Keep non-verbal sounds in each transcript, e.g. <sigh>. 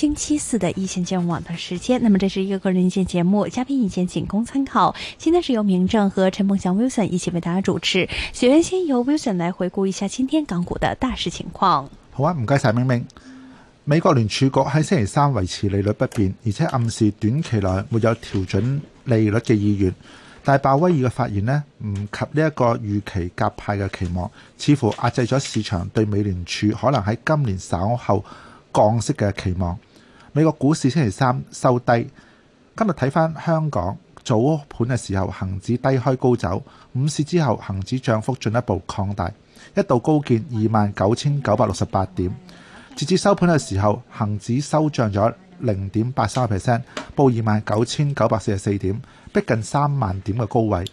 星期四的一線金融網的時間。那麼，這是一個個人意見節目，嘉賓意見僅供參考。今天是由明正和陳夢祥 Wilson 一起為大家主持。員先由 Wilson 來回顧一下今天港股的大市情況。好啊，唔該晒，明明。美國聯儲局喺星期三維持利率不變，而且暗示短期內沒有調準利率嘅意願。但係鮑威爾嘅發言呢，唔及呢一個預期鴿派嘅期望，似乎壓制咗市場對美聯儲可能喺今年稍後降息嘅期望。美國股市星期三收低，今日睇返香港早盤嘅時候，恒指低開高走，午市之後恒指漲幅進一步擴大，一度高見二萬九千九百六十八點，截至收盤嘅時候，恒指收漲咗零點八三個 percent，報二萬九千九百四十四點，逼近三萬點嘅高位。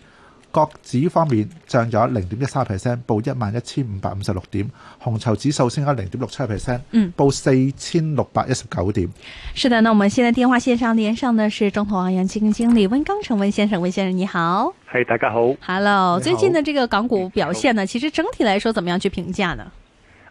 國指方面漲咗零點一三 percent，報一萬一千五百五十六點。紅籌指數升咗零點六七 percent，報四千六百一十九點。是的，那我們現在電話線上連上的是中投傲揚基金經理，溫鋼城温先生，温先生你好，係、hey, 大家好，hello 好。最近的這個港股表現呢，其實整體來說，怎麼樣去評價呢？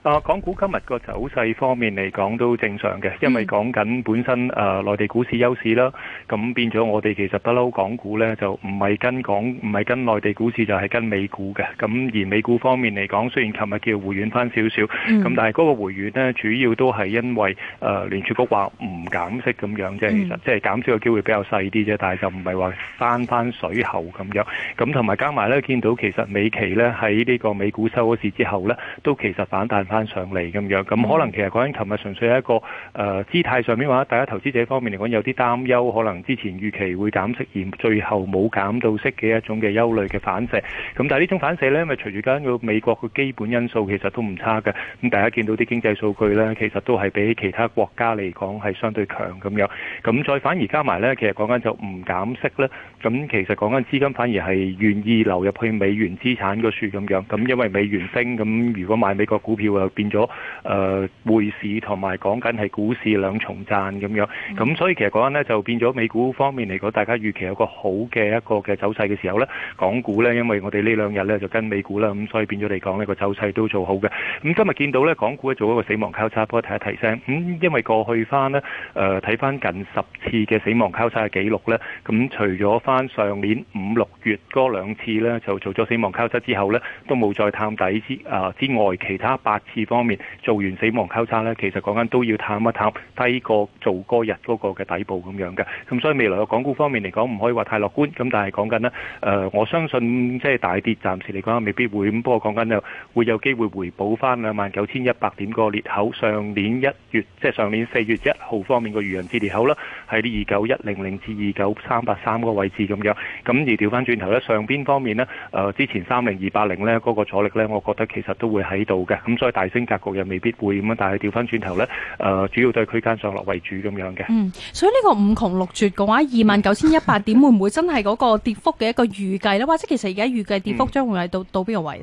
啊，港股今日個走勢方面嚟講都正常嘅，因為講緊本身誒、呃、內地股市優勢啦，咁變咗我哋其實不嬲港股咧就唔係跟港唔係跟內地股市，就係、是、跟美股嘅。咁而美股方面嚟講，雖然尋日叫回軟翻少少，咁、嗯、但係嗰個回軟呢，主要都係因為誒聯儲局話唔減息咁樣，即係即係減少嘅機會比較細啲啫，但係就唔係話翻翻水喉咁樣。咁同埋加埋咧，見到其實美期咧喺呢個美股收市之後咧，都其實反彈翻上嚟咁樣，咁可能其實講緊琴日純粹係一個誒姿態上面話，大家投資者方面嚟講有啲擔憂，可能之前預期會減息，而最後冇減到息嘅一種嘅憂慮嘅反射。咁但係呢種反射咧，因為隨住緊個美國個基本因素其實都唔差嘅，咁大家見到啲經濟數據咧，其實都係比其他國家嚟講係相對強咁樣。咁再反而加埋咧，其實講緊就唔減息咧，咁其實講緊資金反而係願意流入去美元資產嗰處咁樣。咁因為美元升，咁如果買美國股票啊。就變咗誒匯市同埋講緊係股市兩重讚咁樣，咁所以其實講緊呢，就變咗美股方面嚟講，大家預期有個好嘅一個嘅走勢嘅時候呢，港股呢，因為我哋呢兩日呢就跟美股啦，咁所以變咗嚟講呢個走勢都做好嘅。咁、嗯、今日見到呢，港股咧做咗一個死亡交叉，不過提一提聲。咁、嗯、因為過去翻呢，誒睇翻近十次嘅死亡交叉嘅記錄呢。咁、嗯、除咗翻上年五六月嗰兩次呢，就做咗死亡交叉之後呢，都冇再探底之啊之外，其他八方面做完死亡交叉呢，其實講緊都要探一探低過做嗰日嗰個嘅底部咁樣嘅，咁所以未來嘅港股方面嚟講，唔可以話太樂觀，咁但係講緊呢，誒、呃、我相信即係大跌暫時嚟講未必會，咁不過講緊呢，會有機會回補翻兩萬九千一百點嗰個裂口。上年一月即係、就是、上年四月一號方面個愚人節裂口啦，喺二九一零零至二九三百三個位置咁樣，咁而調翻轉頭呢，上邊方面、呃、30，呢，誒之前三零二八零呢嗰個阻力呢，我覺得其實都會喺度嘅，咁所以。大升格局又未必會咁樣，但係調翻轉頭咧，誒主要都係區間上落為主咁樣嘅。嗯，所以呢個五窮六絕嘅話，二萬九千一百點會唔會真係嗰個跌幅嘅一個預計咧？ <laughs> 或者其實而家預計跌幅將會係到、嗯、到邊個位？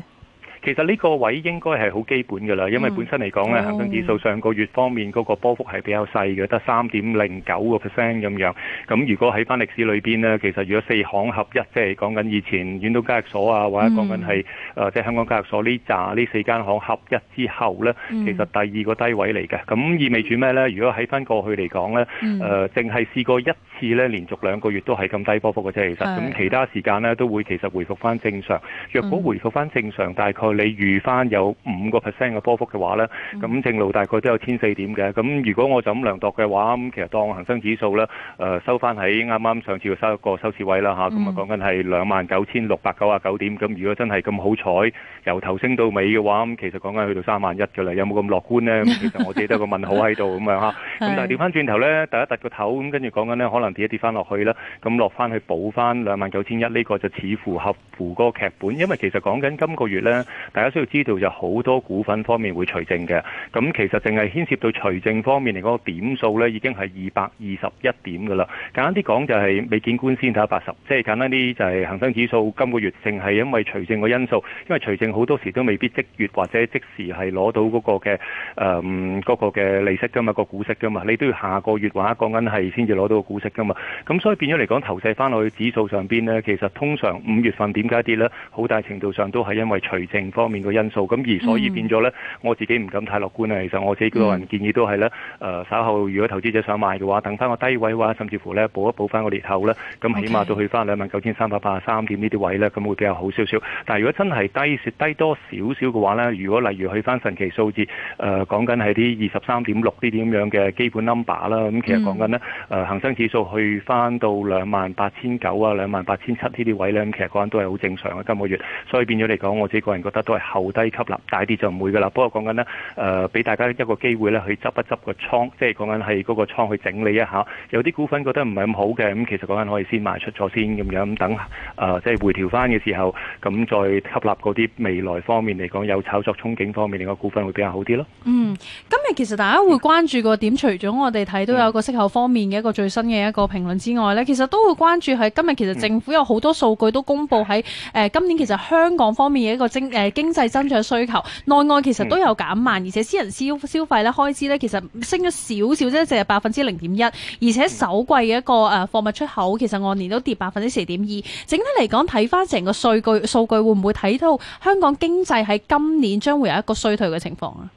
其實呢個位應該係好基本㗎啦，因為本身嚟講咧，嗯、恆生指數上個月方面嗰個波幅係比較細嘅，得三點零九個 percent 咁樣。咁如果喺翻歷史裏邊呢，其實如果四行合一，即係講緊以前遠東交易所啊，或者講緊係誒即係香港交易所呢扎呢四間行合一之後呢，其實第二個低位嚟嘅。咁意味住咩呢？如果喺翻過去嚟講呢，誒淨係試過一次呢連續兩個月都係咁低波幅嘅啫。其實咁其他時間呢，都會其實回復翻正常。若果回復翻正常，嗯、大概你預翻有五個 percent 嘅波幅嘅話呢，咁正路大概都有千四點嘅。咁如果我就咁量度嘅話，咁其實當恆生指數咧，誒、呃、收翻喺啱啱上次嘅收一個收市位啦嚇。咁啊講緊係兩萬九千六百九十九點。咁如果真係咁好彩，由頭升到尾嘅話，咁其實講緊去到三萬一嘅啦。有冇咁樂觀呢？ <laughs> 其實我自己都有個問號喺度咁樣嚇。咁但係調翻轉頭呢，突一突個頭，咁跟住講緊呢可能跌一跌翻落去啦，咁落翻去補翻兩萬九千一呢個就似乎合乎嗰個劇本，因為其實講緊今個月呢。大家需要知道就好多股份方面會除淨嘅，咁其實淨係牽涉到除淨方面嚟嗰個點數咧，已經係二百二十一點噶啦。簡單啲講就係未見官先打八十，即係簡單啲就係恒生指數今個月淨係因為除淨個因素，因為除淨好多時都未必即月或者即時係攞到嗰個嘅誒嗰個嘅利息噶嘛，個股息噶嘛，你都要下個月話講緊係先至攞到個股息噶嘛。咁所以變咗嚟講投射翻落去指數上邊咧，其實通常五月份點解跌咧，好大程度上都係因為除淨。方面嘅因素，咁而所以變咗呢，mm. 我自己唔敢太樂觀。啊！其實我自己個人建議都係呢，誒、mm. 呃、稍後如果投資者想買嘅話，等翻個低位話，甚至乎呢，補一補翻個裂口呢，咁起碼都去翻兩萬九千三百八十三點呢啲位呢，咁會比較好少少。但係如果真係低低多少少嘅話呢，如果例如去翻神奇數字誒、呃，講緊係啲二十三點六呢啲咁樣嘅基本 number 啦，咁其實講緊呢，誒、mm. 呃、恆生指數去翻到兩萬八千九啊、兩萬八千七呢啲位呢，咁其實嗰人都係好正常嘅今個月，所以變咗嚟講，我自己個人覺得。都係後低吸納，大啲就唔會噶啦。不過講緊呢，誒、呃、俾大家一個機會呢，去執一執個倉，即係講緊係嗰個倉去整理一下。有啲股份覺得唔係咁好嘅，咁其實講緊可以先賣出咗先咁樣，等誒、呃、即係回調翻嘅時候，咁再吸納嗰啲未來方面嚟講有炒作憧憬方面另嘅、那個、股份會比較好啲咯。嗯，今日其實大家會關注個點，除咗我哋睇到有個息口方面嘅一個最新嘅一個評論之外呢，其實都會關注係今日其實政府有好多數據都公布喺誒、呃、今年其實香港方面嘅一個精、呃係經濟增長需求，內外其實都有減慢，而且私人消消費咧，開支咧其實升咗少少啫，淨係百分之零點一，而且首季嘅一個誒貨物出口其實按年都跌百分之四點二，整體嚟講睇返成個數據，數據會唔會睇到香港經濟喺今年將會有一個衰退嘅情況啊？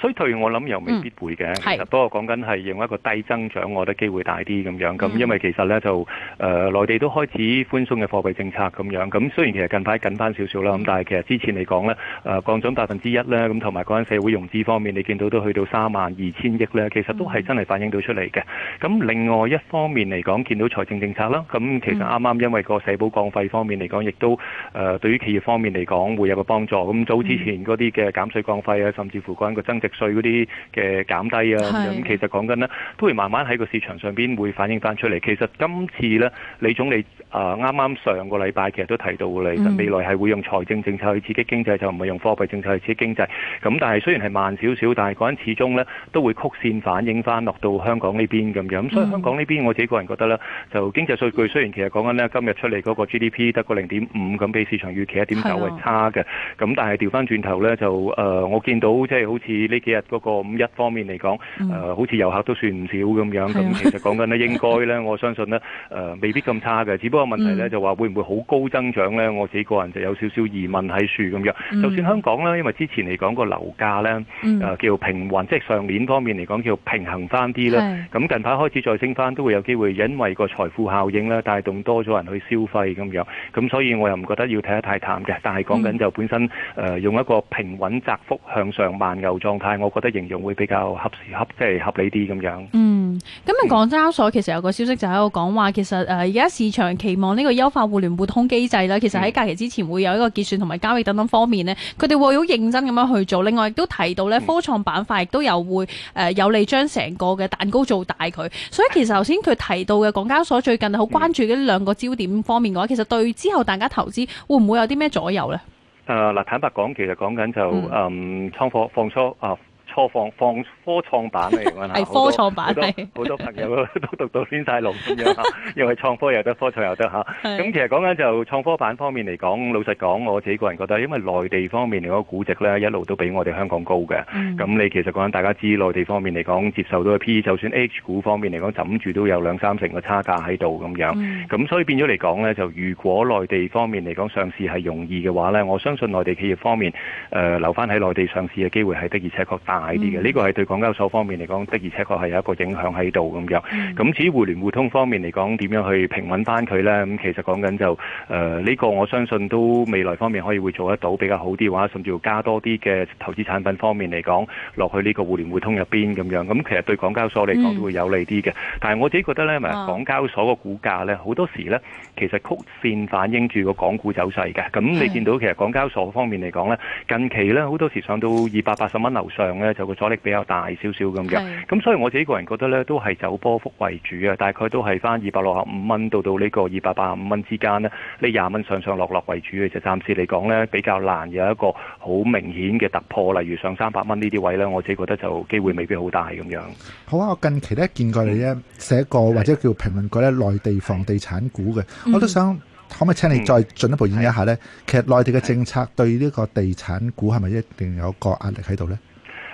衰退我諗又未必會嘅、嗯，其實不過講緊係用一個低增長，我覺得機會大啲咁樣。咁、嗯、因為其實咧就誒、呃、內地都開始寬鬆嘅貨幣政策咁樣。咁雖然其實近排緊返少少啦，咁但係其實之前嚟講咧誒、呃、降準百分之一咧，咁同埋關於社會融資方面，你見到都去到三萬二千億咧，其實都係真係反映到出嚟嘅。咁、嗯、另外一方面嚟講，見到財政政策啦，咁、嗯嗯、其實啱啱因為個社保降費方面嚟講，亦都、呃、對於企業方面嚟講會有個幫助。咁早之前嗰啲嘅減稅降費啊，甚至乎關於個增稅嗰啲嘅減低啊，咁其實講緊呢都會慢慢喺個市場上邊會反映翻出嚟。其實今次呢，李總理啊，啱、呃、啱上個禮拜其實都提到嚟，嗯、未來係會用財政政策去刺激經濟，就唔係用貨幣政策去刺激經濟。咁、嗯、但係雖然係慢少少，但係嗰陣始終呢都會曲線反映翻落到香港呢邊咁樣。咁所以香港呢邊我自己個人覺得呢，就經濟數據、嗯、雖然其實講緊呢今日出嚟嗰個 GDP 得個零點五，咁比市場預期一點九係差嘅。咁但係調翻轉頭呢，就、呃、誒，我見到即係好似呢幾日嗰個五一方面嚟講，誒、嗯呃、好似遊客都算唔少咁樣，咁其實講緊咧應該咧， <laughs> 我相信咧誒、呃、未必咁差嘅，只不過問題咧、嗯、就話會唔會好高增長咧？我自己個人就有少少疑問喺度咁樣、嗯。就算香港咧，因為之前嚟講個樓價咧誒、嗯啊、叫平穩，即係上年方面嚟講叫平衡翻啲啦。咁近排開始再升翻，都會有機會因為個財富效應咧帶動多咗人去消費咁樣。咁所以我又唔覺得要睇得太淡嘅，但係講緊就本身誒、嗯呃、用一個平穩窄幅向上慢牛狀態。但係，我覺得形容會比較合時合即係、就是、合理啲咁樣。嗯，咁啊，港交所其實有個消息就喺度講話，其實誒而家市場期望呢個優化互聯互通機制啦，其實喺假期之前會有一個結算同埋交易等等方面咧，佢、嗯、哋會好認真咁樣去做。另外亦都提到呢、嗯、科創板塊亦都有會誒有利將成個嘅蛋糕做大佢。所以其實頭先佢提到嘅港交所最近好關注呢兩個焦點方面嘅話、嗯，其實對之後大家投資會唔會有啲咩左右呢？誒、啊、嗱坦白講，其實講緊就是、嗯倉貨、嗯、放倉啊錯放科創板啊！咁樣係科創板係好多朋友都讀到先晒路咁樣嚇，又 <laughs> 係讀到 <laughs> 創科又得科創又得嚇。咁 <laughs> 其實講緊就創科板方面嚟講，老實講我自己個人覺得，因為內地方面嚟個估值咧，一路都比我哋香港高嘅。咁、嗯、你其實講緊大，大家知內地方面嚟講，接受到嘅 PE 就算 AH 股方面嚟講，枕住都有兩三成嘅差價喺度咁樣。咁、嗯、所以變咗嚟講咧，就如果內地方面嚟講上市係容易嘅話咧，我相信內地企業方面誒、呃、留翻喺內地上市嘅機會係的而且確呢、嗯這個係對港交所方面嚟講，的而且確係有一個影響喺度咁樣、嗯。咁至於互聯互通方面嚟講，點樣去平穩翻佢呢？咁其實講緊就誒、是，呢、呃這個我相信都未來方面可以會做得到比較好啲嘅話，甚至要加多啲嘅投資產品方面嚟講落去呢個互聯互通入邊咁樣。咁其實對港交所嚟講都會有利啲嘅、嗯。但係我自己覺得呢，咪、哦、港交所個股價呢，好多時呢其實曲線反映住個港股走勢嘅。咁你見到其實港交所方面嚟講呢，近期呢，好多時上到二百八十蚊樓上咧，就個阻力比較大少少咁樣，咁所以我自己個人覺得呢都係走波幅為主嘅。大概都係翻二百六十五蚊到到呢個二百八十五蚊之間呢，呢廿蚊上上落落為主嘅。就暫時嚟講呢，比較難有一個好明顯嘅突破。例如上三百蚊呢啲位呢，我自己覺得就機會未必好大咁樣。好啊，我近期呢見過你呢、嗯、寫過或者叫評論過呢內地房地產股嘅、嗯，我都想可唔可以請你再進一步演一下呢？其實內地嘅政策對呢個地產股係咪一定有個壓力喺度呢？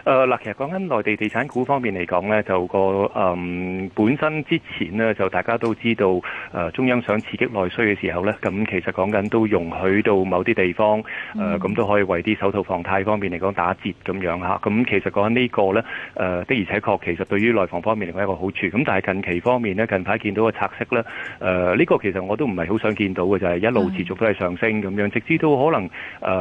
誒、呃、嗱，其實講緊內地地產股方面嚟講呢，就個嗯本身之前呢，就大家都知道誒、呃、中央想刺激內需嘅時候呢，咁其實講緊都容許到某啲地方誒，咁、呃嗯、都可以為啲首套房貸方面嚟講打折咁樣嚇。咁其實講緊呢個呢誒、呃、的而且確，其實對於內房方面嚟講一個好處。咁但係近期方面呢，近排見到個拆息呢，誒、呃，呢、這個其實我都唔係好想見到嘅，就係、是、一路持續都係上升咁樣、嗯，直至到可能誒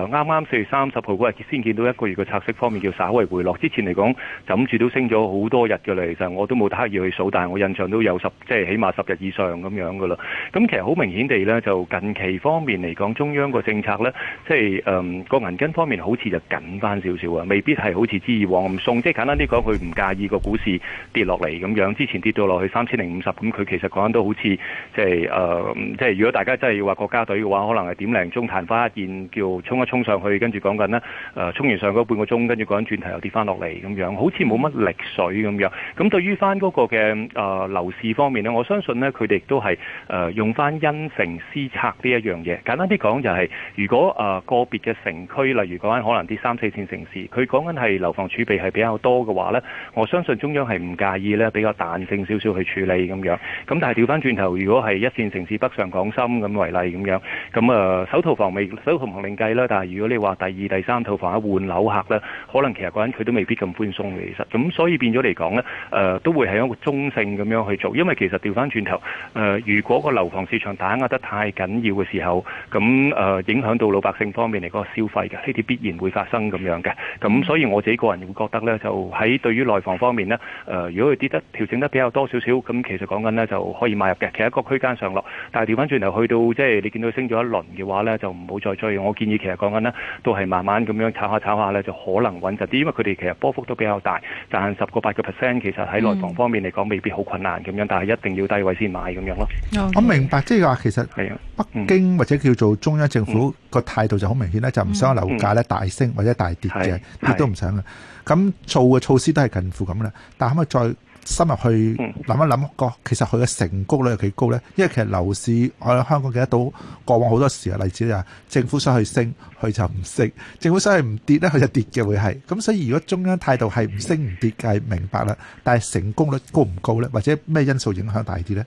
啱啱四月三十號嗰日先見到一個月嘅拆息方面叫稍微回落。之前嚟講諗住都升咗好多日㗎啦，其實我都冇刻意去數，但係我印象都有十，即係起碼十日以上咁樣㗎啦。咁其實好明顯地呢，就近期方面嚟講，中央個政策呢，即係誒個銀根方面好似就緊翻少少啊，未必係好似之以往咁鬆。即係簡單啲講，佢唔介意個股市跌落嚟咁樣。之前跌到落去三千零五十，咁佢其實講緊都好似即係誒，即係、呃、如果大家真係要話國家隊嘅話，可能係點零鐘彈翻一件叫衝一衝上去，跟住講緊呢，誒、呃，衝完上嗰半個鐘，跟住講緊轉頭又跌翻落嚟咁樣，好似冇乜力水咁樣。咁對於翻嗰個嘅啊、呃、樓市方面呢，我相信呢，佢哋亦都係誒用翻因城施策呢一樣嘢。簡單啲講就係、是，如果誒個別嘅城區，例如講緊可能啲三四線城市，佢講緊係樓房儲備係比較多嘅話呢，我相信中央係唔介意呢比較彈性少少去處理咁樣。咁但係調翻轉頭，如果係一線城市北上廣深咁為例咁樣，咁誒首套房未首套房另計啦，但係如果你話第二、第三套房一換樓客呢，可能其實嗰陣佢都。都未必咁寬鬆嘅，其實咁所以變咗嚟講呢，誒、呃、都會係一個中性咁樣去做，因為其實調翻轉頭誒，如果個樓房市場打壓得太緊要嘅時候，咁誒、呃、影響到老百姓方面嚟講消費嘅，呢啲必然會發生咁樣嘅。咁所以我自己個人會覺得呢，就喺對於內房方面呢，誒、呃、如果佢跌得調整得比較多少少，咁其實講緊呢就可以買入嘅，其實一個區間上落。但係調翻轉頭去到即係你見到升咗一輪嘅話呢，就唔好再追。我建議其實講緊呢，都係慢慢咁樣炒下炒下呢，就可能穩陣啲，因為佢哋。其實波幅都比較大，賺十個八個 percent，其實喺內房方面嚟講未必好困難咁樣，但係一定要低位先買咁樣咯。我明白，即係話其實係北京或者叫做中央政府個態度就好明顯咧，就唔想樓價咧大升或者大跌嘅，跌都唔想啦。咁做嘅措施都係近乎咁啦，但係可唔可以再深入去諗一諗，其實佢嘅成功率有幾高咧？因為其實樓市我喺香港見得到，過往好多時嘅例子啊就係，政府想去升，佢就唔升；政府想去唔跌咧，佢就跌嘅會係。咁所以如果中央態度係唔升唔跌，係明白啦。但係成功率高唔高咧？或者咩因素影響大啲咧？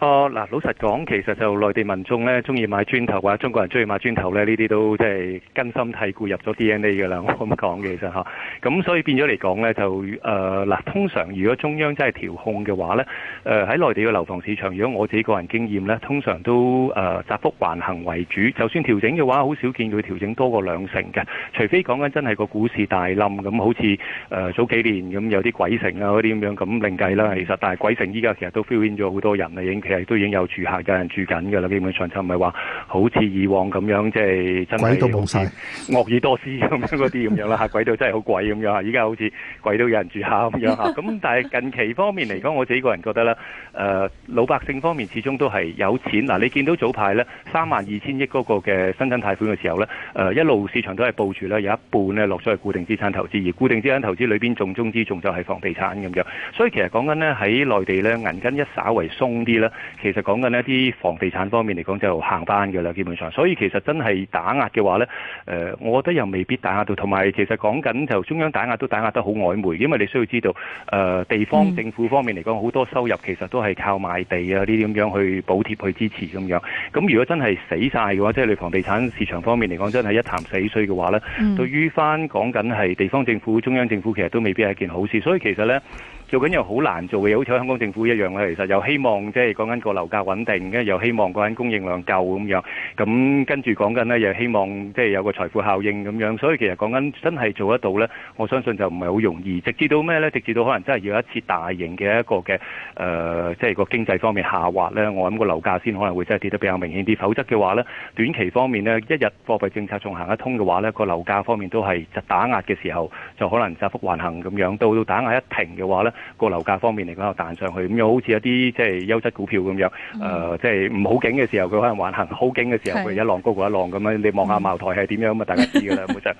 哦，嗱，老實講，其實就內地民眾咧，中意買磚頭或者中國人中意買磚頭咧，呢啲都即係根深蒂固入咗 DNA 㗎啦。我咁講嘅其實嚇，咁、啊、所以變咗嚟講咧，就誒嗱、呃，通常如果中央真係調控嘅話咧，誒、呃、喺內地嘅樓房市場，如果我自己個人經驗咧，通常都誒窄、呃、幅橫行為主。就算調整嘅話，好少見佢調整多過兩成嘅，除非講緊真係個股市大冧咁，好似、呃、早幾年咁有啲鬼城啊嗰啲咁樣咁另計啦。其實但係鬼城依家其實都 fill in 咗好多人已其實都已經有住客有人住緊嘅啦，基本上就唔係話好似以往咁樣，即係真係鬼都冇曬，鄂爾多斯咁樣嗰啲咁樣啦嚇， <laughs> 鬼到真係好鬼咁樣嚇。依家好似鬼都有人住下咁樣嚇，咁 <laughs> 但係近期方面嚟講，我自己個人覺得啦，誒、呃、老百姓方面始終都係有錢嗱、呃。你見到早排咧三萬二千億嗰個嘅新增貸款嘅時候咧，誒、呃、一路市場都係佈住咧有一半咧落咗去固定資產投資，而固定資產投資裏邊重中之重就係房地產咁樣。所以其實講緊呢，喺內地咧銀根一稍微鬆啲咧。其實講緊一啲房地產方面嚟講就行翻噶啦，基本上，所以其實真係打壓嘅話呢，誒、呃，我覺得又未必打壓到。同埋，其實講緊就中央打壓都打壓得好曖昧，因為你需要知道，誒、呃，地方政府方面嚟講，好多收入其實都係靠賣地啊呢啲咁樣去補貼去支持咁樣。咁如果真係死晒嘅話，即係你房地產市場方面嚟講，真係一潭死水嘅話呢，對於翻講緊係地方政府、中央政府，其實都未必係一件好事。所以其實呢。做緊又好難做嘅嘢，好似香港政府一樣。其實又希望即係講緊個樓價穩定，跟住又希望講緊供應量夠咁樣。咁跟住講緊呢，又希望即係、就是、有個財富效應咁樣。所以其實講緊真係做得到呢。我相信就唔係好容易。直至到咩呢？直至到可能真係要一次大型嘅一個嘅誒，即、呃、係、就是、個經濟方面下滑呢。我諗個樓價先可能會真係跌得比較明顯啲。否則嘅話呢，短期方面呢，一日貨幣政策仲行得通嘅話呢，個樓價方面都係就打壓嘅時候就可能窄幅橫行咁樣。到到打壓一停嘅話呢。個樓價方面嚟講又彈上去，咁又好似一啲即係優質股票咁樣，誒、嗯呃，即係唔好景嘅時候佢可能橫行，好景嘅時候佢一浪高過一浪咁樣，你望下茅台係點樣？咁啊大家知噶啦，冇 <laughs> 錯。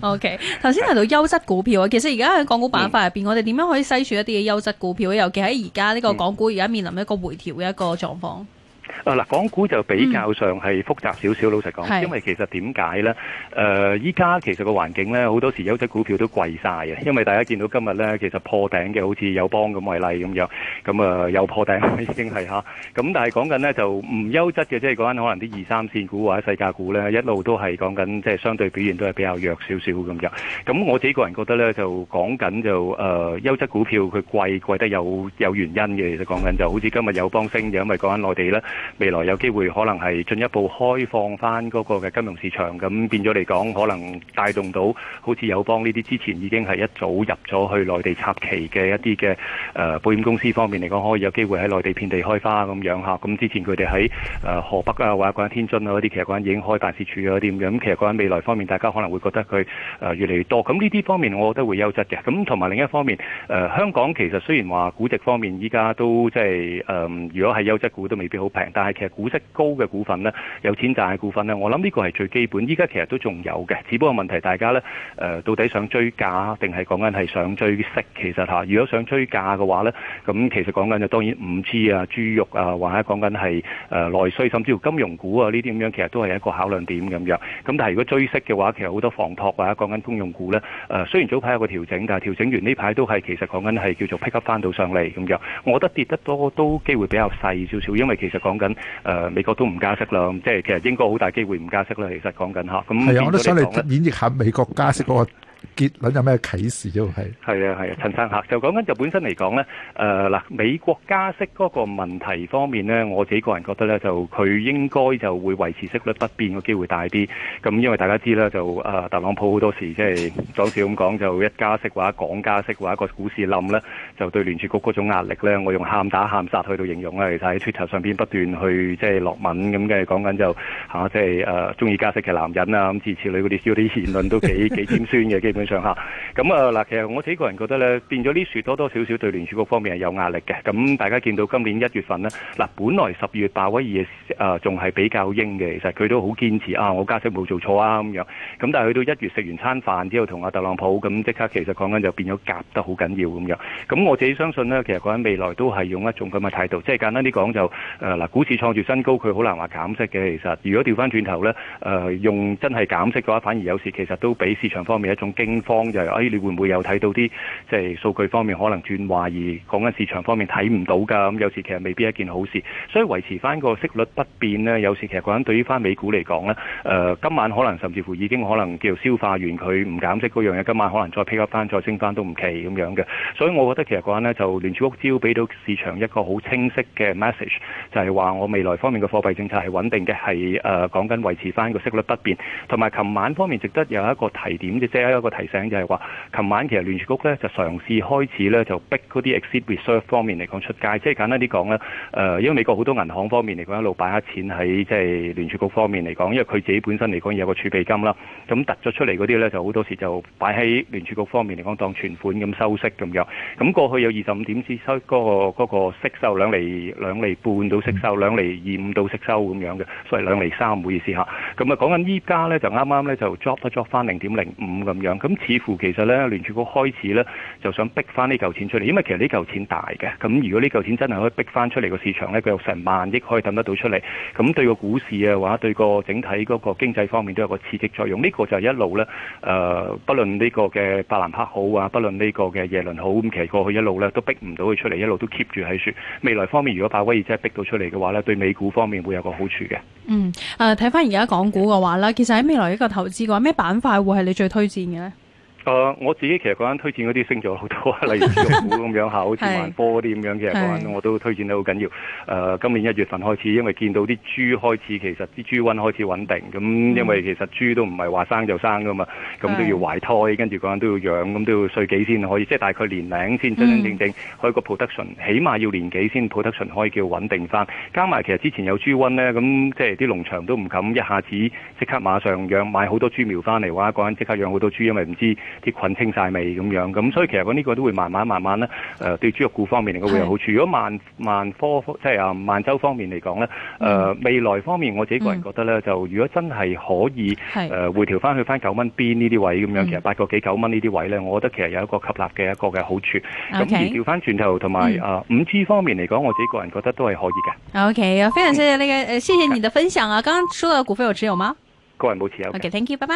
O K，頭先提到優質股票啊，其實而家喺港股板塊入邊，我哋點樣可以篩選一啲優質股票？尤其喺而家呢個港股而家面臨一個回調嘅一個狀況。嗯嗯啊嗱，港股就比較上係複雜少少，老實講，因為其實點解咧？誒，依家其實個環境咧，好多時優質股票都貴曬嘅，因為大家見到今日咧，其實破頂嘅好似友邦咁為例咁樣，咁啊有破頂已經係嚇。咁但係講緊咧就唔優質嘅，即係講緊可能啲二三線股或者世界股咧，一路都係講緊即係相對表現都係比較弱少少咁樣。咁我自己個人覺得咧，就講緊就誒優質股票佢貴貴得有有原因嘅，其實講緊就好似今日友邦升嘅，就因為講緊內地咧。未來有機會可能係進一步開放翻嗰個嘅金融市場，咁變咗嚟講，可能帶動到好似友邦呢啲之前已經係一早入咗去內地插旗嘅一啲嘅誒保險公司方面嚟講，可以有機會喺內地遍地開花咁樣下。咁之前佢哋喺誒河北啊，或者講喺天津啊嗰啲，其實講緊已經開辦事處啊啲咁樣。啲咁嘅。咁其實講緊未來方面，大家可能會覺得佢誒越嚟越多。咁呢啲方面，我覺得會優質嘅。咁同埋另一方面，誒、呃、香港其實雖然話估值方面依家都即係誒，如果係優質股都未必好平。但係其實股息高嘅股份呢，有錢賺嘅股份呢，我諗呢個係最基本。依家其實都仲有嘅，只不過問題大家呢，誒、呃、到底想追價定係講緊係想追息？其實吓，如果想追價嘅話呢，咁其實講緊就當然五 G 啊、豬肉啊，或者講緊係誒內需，甚至乎金融股啊呢啲咁樣，其實都係一個考量點咁樣。咁但係如果追息嘅話，其實好多房託或者講緊公用股呢，誒、呃、雖然早排有個調整，但係調整完呢排都係其實講緊係叫做 pick up 翻到上嚟咁樣。我覺得跌得多都機會比較細少少，因為其實講緊，誒美國都唔加息啦，即係其實應該好大機會唔加息啦。其實，其實講緊嚇，咁係啊，我都想嚟演繹下美國加息嗰個。結論有咩啟示都係係啊係啊，陳生客就講緊就本身嚟講咧，誒嗱美國加息嗰個問題方面咧，我自己個人覺得咧就佢應該就會維持息率不變嘅機會大啲。咁因為大家知咧就啊特朗普好多時即係講笑咁講，就一加息話講加息話一個股市冧咧，就對聯儲局嗰種壓力咧，我用喊打喊殺去到形容啦，其實喺 Twitter 上邊不斷去即係落文咁嘅講緊就嚇即係誒中意加息嘅男人啊咁，諸如此類嗰啲少啲言論都幾幾尖酸嘅基本。上下咁啊嗱，其實我自己個人覺得咧，變咗啲樹多多少少對聯儲局方面係有壓力嘅。咁大家見到今年一月份呢，嗱，本來十月鮑威爾啊，仲係比較鷹嘅，其實佢都好堅持啊，我加息冇做錯啊咁樣。咁但係去到一月食完餐飯之後，同阿特朗普咁即刻，其實講緊就變咗夾得好緊要咁樣。咁我自己相信呢，其實講緊未來都係用一種咁嘅態度，即係簡單啲講就誒嗱，股市創住新高，佢好難話減息嘅。其實如果調翻轉頭呢，誒用真係減息嘅話，反而有時其實都俾市場方面一種驚。方就誒、是哎，你會唔會有睇到啲即係數據方面可能轉壞而講緊市場方面睇唔到㗎？咁有時其實未必一件好事，所以維持翻個息率不變呢。有時其實講緊對於翻美股嚟講呢，誒、呃、今晚可能甚至乎已經可能叫消化完佢唔減息嗰樣嘢，今晚可能再 pick up 翻再升翻都唔奇咁樣嘅。所以我覺得其實講緊咧，就聯儲局只要俾到市場一個好清晰嘅 message，就係話我未來方面嘅貨幣政策係穩定嘅，係誒講緊維持翻個息率不變，同埋琴晚方面值得有一個提點嘅，即係一個提。醒就係話，琴晚其實聯儲局咧就嘗試開始咧就逼嗰啲 excess reserve 方面嚟講出街，即係簡單啲講咧，誒、呃，因為美國好多銀行方面嚟講一路擺下錢喺即係聯儲局方面嚟講，因為佢自己本身嚟講有個儲備金啦，咁突咗出嚟嗰啲咧就好多時就擺喺聯儲局方面嚟講當存款咁收息咁樣，咁過去有二十五點先收嗰個嗰個息收兩厘、兩厘半到息收兩厘二五到息收咁樣嘅，所以兩厘三唔好意思吓，咁啊講緊依家咧就啱啱咧就 drop 咗 drop 翻零點零五咁樣。咁似乎其實咧，聯儲局開始咧就想逼翻呢嚿錢出嚟，因為其實呢嚿錢大嘅。咁如果呢嚿錢真係可以逼翻出嚟個市場咧，佢有成萬億可以抌得到出嚟。咁對個股市嘅話，對個整體嗰個經濟方面都有個刺激作用。呢個就係一路咧，呃，不論呢個嘅伯南克好啊，不論呢個嘅耶倫好，咁其實過去一路咧都逼唔到佢出嚟，一路都 keep 住喺雪。未來方面，如果鮑威爾真係逼到出嚟嘅話咧，對美股方面會有個好處嘅。嗯，誒、啊，睇翻而家港股嘅話咧，其實喺未來一個投資嘅話，咩板塊會係你最推薦嘅咧？呃、我自己其實講緊推薦嗰啲星座好多，例如豬肉股咁樣，嚇 <laughs> 好似萬科啲咁樣嘅，講緊，其實我都推薦得好緊要。誒、呃，今年一月份開始，因為見到啲豬開始其實啲豬瘟開始穩定，咁因為其實豬都唔係話生就生噶嘛，咁都要懷胎，跟住講緊都要養，咁都要歲幾先可以，即、就、係、是、大概年零先真真正正，正，正去個普德 o，起碼要年幾先普德 o 可以叫穩定翻。加埋其實之前有豬瘟咧，咁即係啲農場都唔敢一下子即刻馬上養買好多豬苗翻嚟玩，講緊即刻養好多豬，因為唔知。啲菌清曬味咁樣，咁所以其實咁呢個都會慢慢慢慢咧，誒對豬肉股方面嚟講會有好處。如果萬萬科即係啊萬洲方面嚟講咧，誒未來方面我自己個人覺得咧，就如果真係可以誒回調翻去翻九蚊邊呢啲位咁樣，其實八個幾九蚊呢啲位咧，我覺得其實有一個吸納嘅一個嘅好處。咁而調翻轉頭同埋啊五 G 方面嚟講，我自己個人覺得都係可以嘅。OK，非常謝謝呢個誒，謝謝你的分享啊！剛剛收嘅股份有持有嗎？個人冇持有。OK，thank you，拜拜。